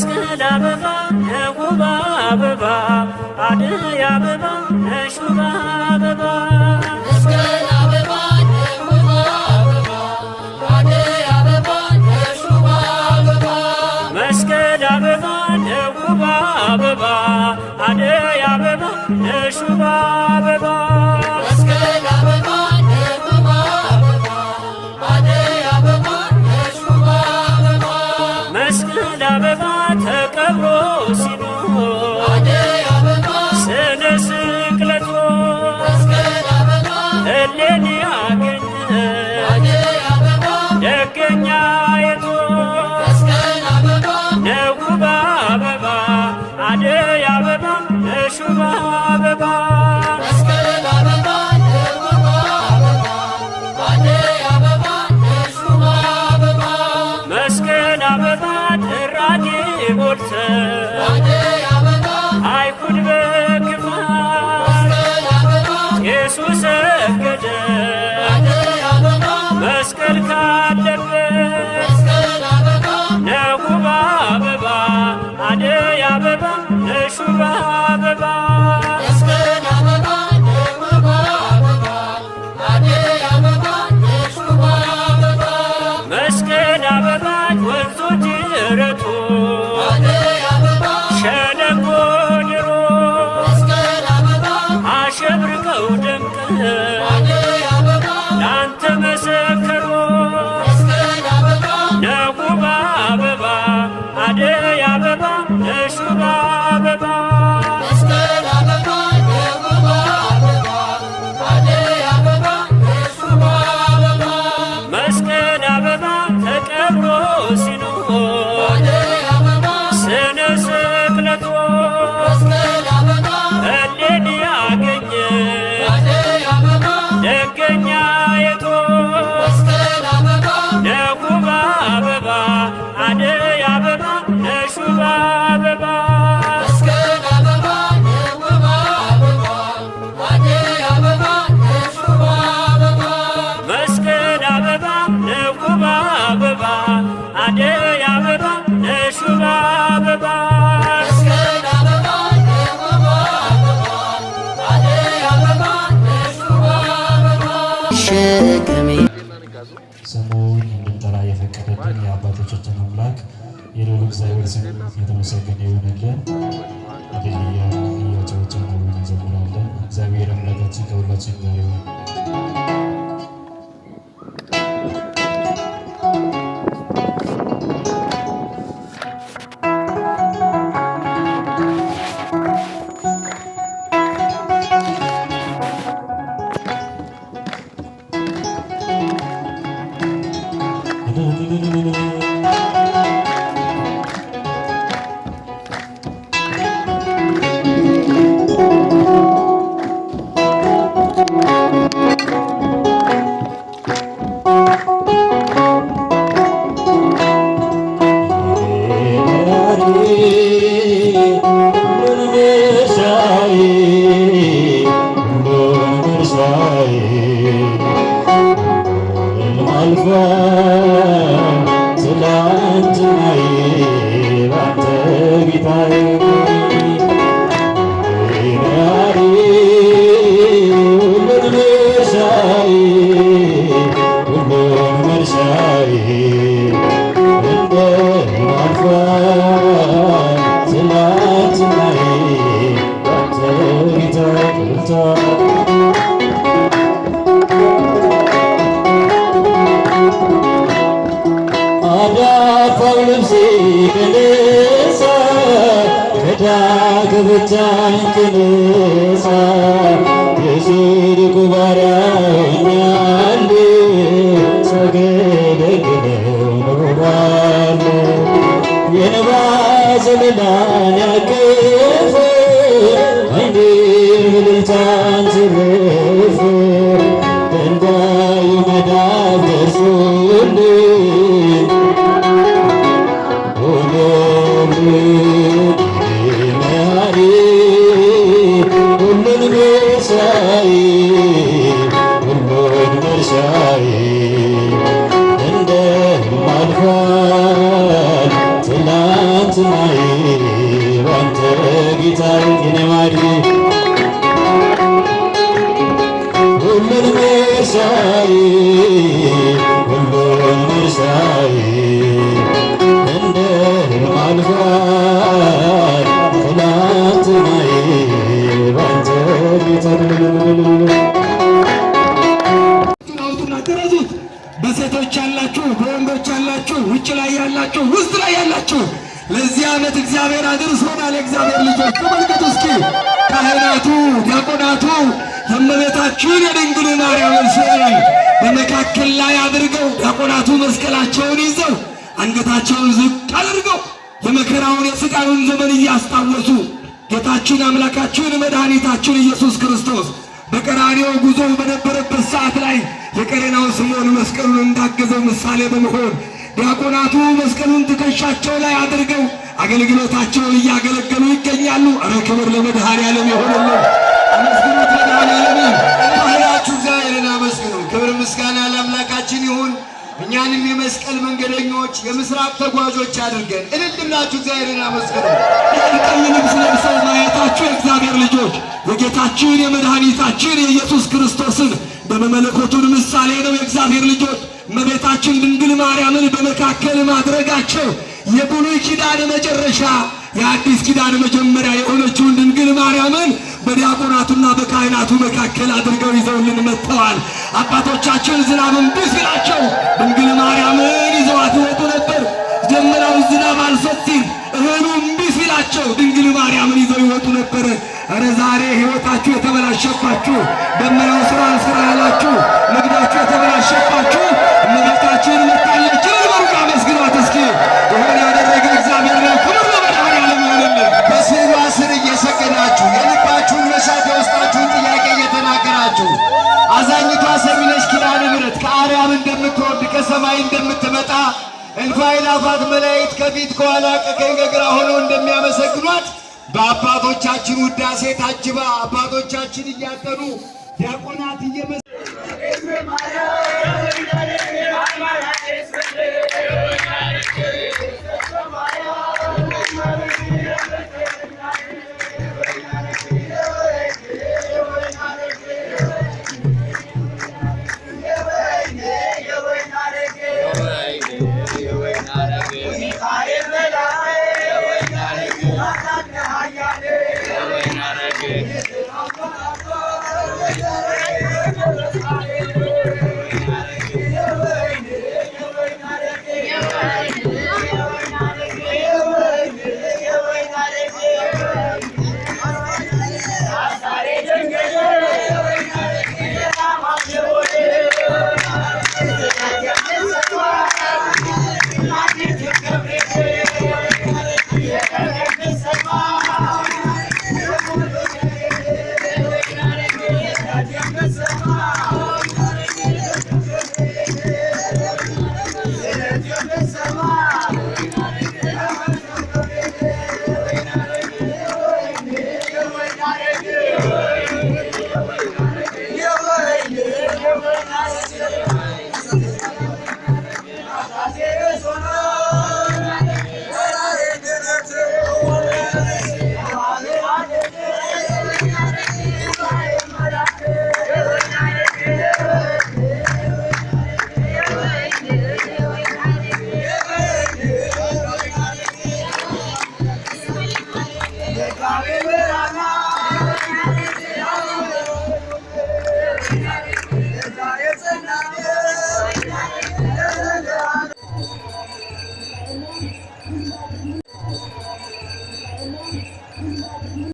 መስቀል አበባ ነውባ አበባ አደይ አበባ ነሹባ አበባ መስቀል አበባ ነውባ አበባ ወንዞች ረቱ ስሙን እንድንጠራ የፈቀደልን የአባቶቻችን አምላክ የልዑል እግዚአብሔር ስም የተመሰገነ ይሁንልን። አገልያ እያጫወትን እንዘምራለን። እግዚአብሔር አምላካችን ከሁላችን ጋር ይሁን። ምርጫዬ ሁሉም ምርጫዬ እንደማልፋ ትናትናዬ ባንተ የጽድቁ ባሪያ አንድ ሳገለግለው ኖራለሁ የእንባ ዘለላን ያቀፈ አንድ እልልታን ዘርፎ በንዳዩ መዳፍ ደርሶ መርሳዬ ሁሉም መርሳዬ እንደ ህልም በሴቶች ያላችሁ፣ በወንዶች ያላችሁ፣ ውጭ ላይ ያላችሁ፣ ውስጥ ላይ ያላችሁ ለዚህ ዓመት እግዚአብሔር አድርሶናል። እግዚአብሔር ልጆች ተመልከቱ እስኪ ካህናቱ ዲያቆናቱ እመቤታችን የድንግሉ ማርያምን ስዕል በመካከል ላይ አድርገው ዲያቆናቱ መስቀላቸውን ይዘው አንገታቸውን ዝቅ አድርገው የመከራውን የሥቃዩን ዘመን እያስታወሱ ጌታችን አምላካችን መድኃኒታችን ኢየሱስ ክርስቶስ በቀራንዮ ጉዞ በነበረበት ሰዓት ላይ የቀሬናው ስምዖን መስቀሉን እንዳገዘው ምሳሌ በመሆን ዲያቆናቱ መስቀሉን ትከሻቸው ላይ አድርገው አገልግሎታቸውን እያገለገሉ ይገኛሉ። ኧረ ክብር ለመድኃኔዓለም ይሁንልን። እኛንም የመስቀል መንገደኞች የምስራቅ ተጓዦች አድርገን እንድላችሁ እግዚአብሔርን አመስግኑ። ቀይ ልብስ ለብሰው ማየታችሁ የእግዚአብሔር ልጆች የጌታችን የመድኃኒታችን የኢየሱስ ክርስቶስን በመመለኮቱን ምሳሌ ነው። የእግዚአብሔር ልጆች መቤታችን ድንግል ማርያምን በመካከል ማድረጋቸው የብሉይ ኪዳን መጨረሻ የአዲስ ኪዳን መጀመሪያ የሆነችውን ድንግል ማርያምን በዲያቆናቱና በካህናቱ መካከል አድርገው ይዘውልን መጥተዋል። አባቶቻችን ዝናብን ብስላቸው ድንግል ማርያምን ይዘዋት ይወጡ ነበር። ጀምራው ዝናብ አልፈት እህሉ እምቢ ሲላቸው ድንግል ማርያምን ይዘው ይወጡ ነበር። እረ ዛሬ ሕይወታችሁ የተበላሸባችሁ ደመናው ስራ ስራ ያላችሁ ስትመጣ እንኳ የላፋት መላእክት ከፊት ከኋላ ከቀኝ ከግራ ሆነው እንደሚያመሰግኗት በአባቶቻችን ውዳሴ ታጅባ አባቶቻችን እያጠኑ ዲያቆናት እየመሰ Okay.